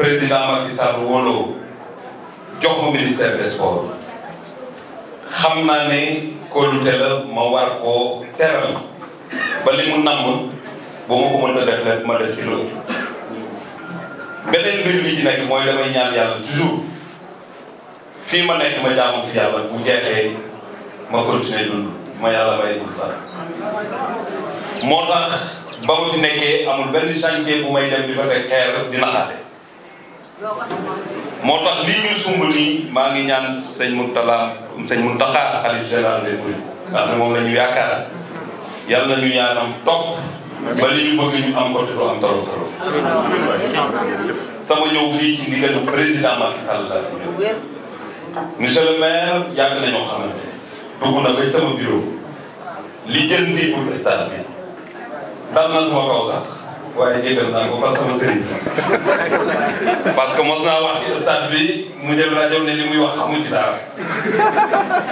président Macky Sall wóoloo jox ma ministère des xam naa ne kóolute la ma war koo teral ba mu namm ba ma ko mënta def rek ma def ci loolu beneen mbir bi ci nekk mooy damay ñaan yàlla toujours fii ma nekk ma jaamu si yàlla bu jeexee ma continuer dund ma yàlla may dund moo tax ba ma fi nekkee amul benn chantier bu may dem di fa teg xeer di naxaate moo tax lii ñu sumb nii maa ngi ñaan sëñ Moutala sëñ Moutaka xalif général des mourides nga xam ne moom la ñu yaakaar yàlla na ñu yaanam topp ba li ñu bëgg ñu am te du am taro taro sama ñëw fii ci ndigalu président Macky Sall laa fi ñëw monsieur li jël kaw sax waaye jiital naa ko parce que mos naa wax ci bi mu jël rajo ne li muy wax xamuñ ci dara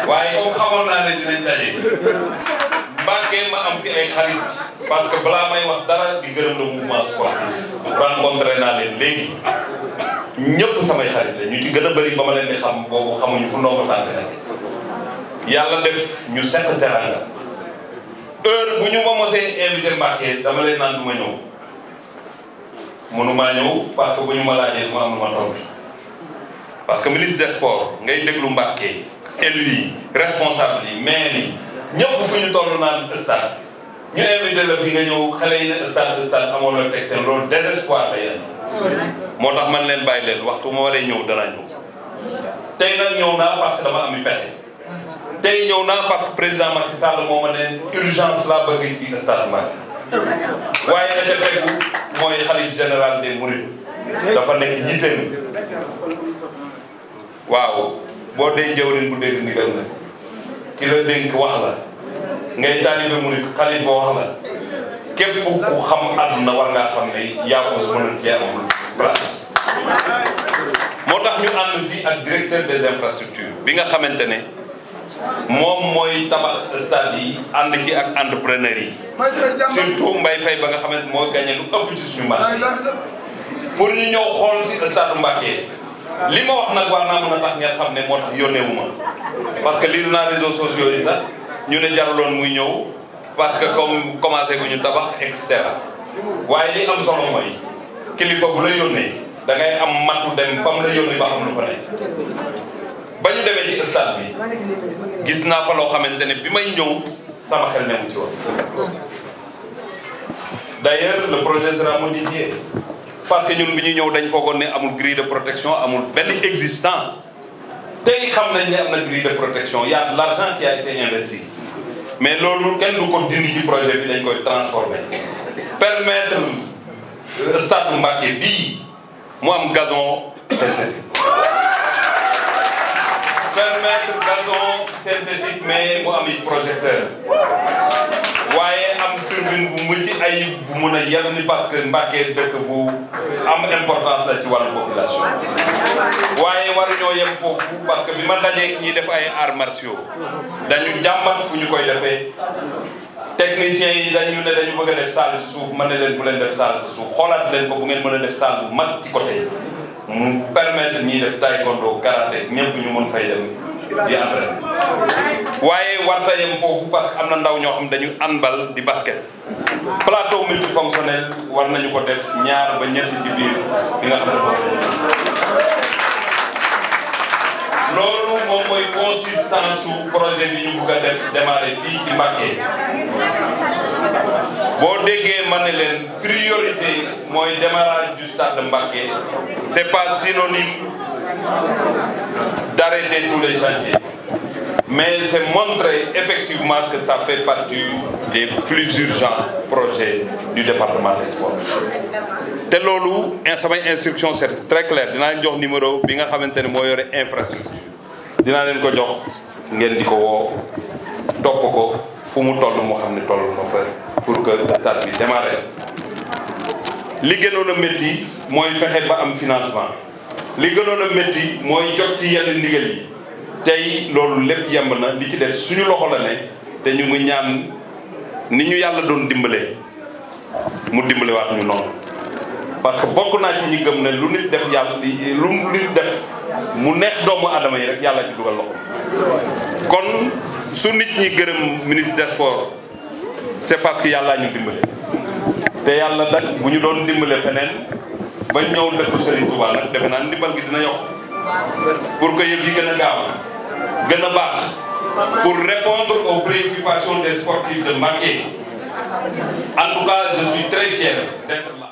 waaye comme xamoon naa ne dinañ daje Mbacké ma am fi ay xarit parce que balaa may wax dara di gërëm le mouvement sportif rencontré naa leen léegi ñëpp samay xarit la ci gën a bëri ba ma leen di xam boobu xamuñu fu ndomba tànk nag yàlla def ñu seq teranga heure bu ñu ma mosee invité Mbacké dama leen naan du ma mënumaa ñëw parce que bu ñu ma laajee ma am ma tontu parce que ministre des sports ngay déglu Mbàkke élu yi responsable yi maire yi ñëpp ñu toll naan stade ñu invité la fi nga ñëw xale yi ne stade stade amoon na teg seen loolu désespoir la yéen. moo tax man leen bàyyi leen waxtu ma waree ñëw danaa ñëw. tey nag ñëw naa parce dama am i pexe. tey ñëw naa parce que président Macky Sall moo ma ne urgence laa bëgg ci stade Mbacké. waaye la ca tegu mooy xalif général des mourides dafa nekk jiite waaw boo dee jawriñ bu dégg ndigal na ki la dénk wax la ngay taalibe murit xalif ba wax la képp ku xam àdduna war ngaa xam ne yaa ko mën a amul place moo tax ñu ànd fii ak directeur des infrastructures bi nga xamante ne moom mooy tabax stade yi ànd ki ak entrepreneur yi surtout mbay Faye ba nga xamante ni moo gagné lu ëpp ci suñu marché pour ñu ñëw xool si stade Mbacké li ma wax nag war naa mën a tax ngeen xam ne moo tax yónnee wu parce que lii naa réseaux sociaux yi sax ñu ne jaruloon muy ñëw parce que comme commencé ko ñu tabax et waaye li am solo mooy kilifa bu la yónnee da am matu dem fam la yónnee ba xam lu fa nekk ba ñu demee ci stade bi gis naa fa loo xamante ne bi may ñëw sama xel newu ci woon d'ailleurs le projet sera modifié parce que ñun bi ñu ñëw dañ foogoon ne amul grille de protection amul benn existant tey xam nañ ne am na grille de protection y a de l'argent qui a été mais loolu kenn du ko dindi ci projet bi dañ koy transformer permettre euh, stade Mbacké bii mu am gazon synthétique synthétique mais mu am ay projecteur waaye am turbine bu mucc ay bu mun a yal ni parce que Mbacké dëkk bu am importance la ci wàllu population waaye waruñoo yem foofu parce que bi man dajeeg ñi def ay arts martiaux dañu jàmbat fu ñu koy defee techniciens yi dañu ne dañu bëgg a def salle suuf mën na leen bu leen def salle suuf xoolaat leen ko bu ngeen mën a def salle bu mag ci côté mu permettre ñiy def taekwondo karaté ñëpp ñu mën fay dem waaye warta yem foofu parce am na ndaw ñoo xam dañu handball di basket plateau multifonctionnel war nañu ko def ñaar ba ñett ci biir bi xam ne loolu moom mooy consistance su projet bi ñu bëgg def démarrer fii ci Mbacké boo déggee ma ne leen priorité mooy démarrage du stade de c'est pas synonyme d'arrêter tous les chantiers. Mais c'est montrer effectivement que ça fait partie des plus urgents projet du département des te loolu samay instruction c'est très clair dinaa leen jox numéro bi nga xamante ne moo yore infrastructure dinaa leen ko jox ngeen di ko woo topp ko fu mu toll moo xam ne toll na fa pour que stade bi démarre li gënoon a métti mooy fexe ba am financement. li gënoon a métti mooy jot ci yenn ndigal yi tey loolu lépp yemb na li ci des suñu loxo la ne te ñu ngi ñaan ni ñu yàlla doon dimbale mu dimbalewaat ñu noonu. parce que bokk naa ci ñi gëm ne lu nit def yàlla lu nit def mu neex doomu aadama yi rek yàlla ci dugal loxo kon su nit ñi gërëm ministre des sports c'est parce que yàllaa ñu dimbale te yàlla nag bu ñu doon dimbale feneen. ba ñëw dëkku Serigne Touba nag defe naa ndimbal gi dina yokk pour que yëf yi gën a gaaw gën a baax pour répondre aux préoccupations des sportifs de Mbacké en tout cas je suis très fier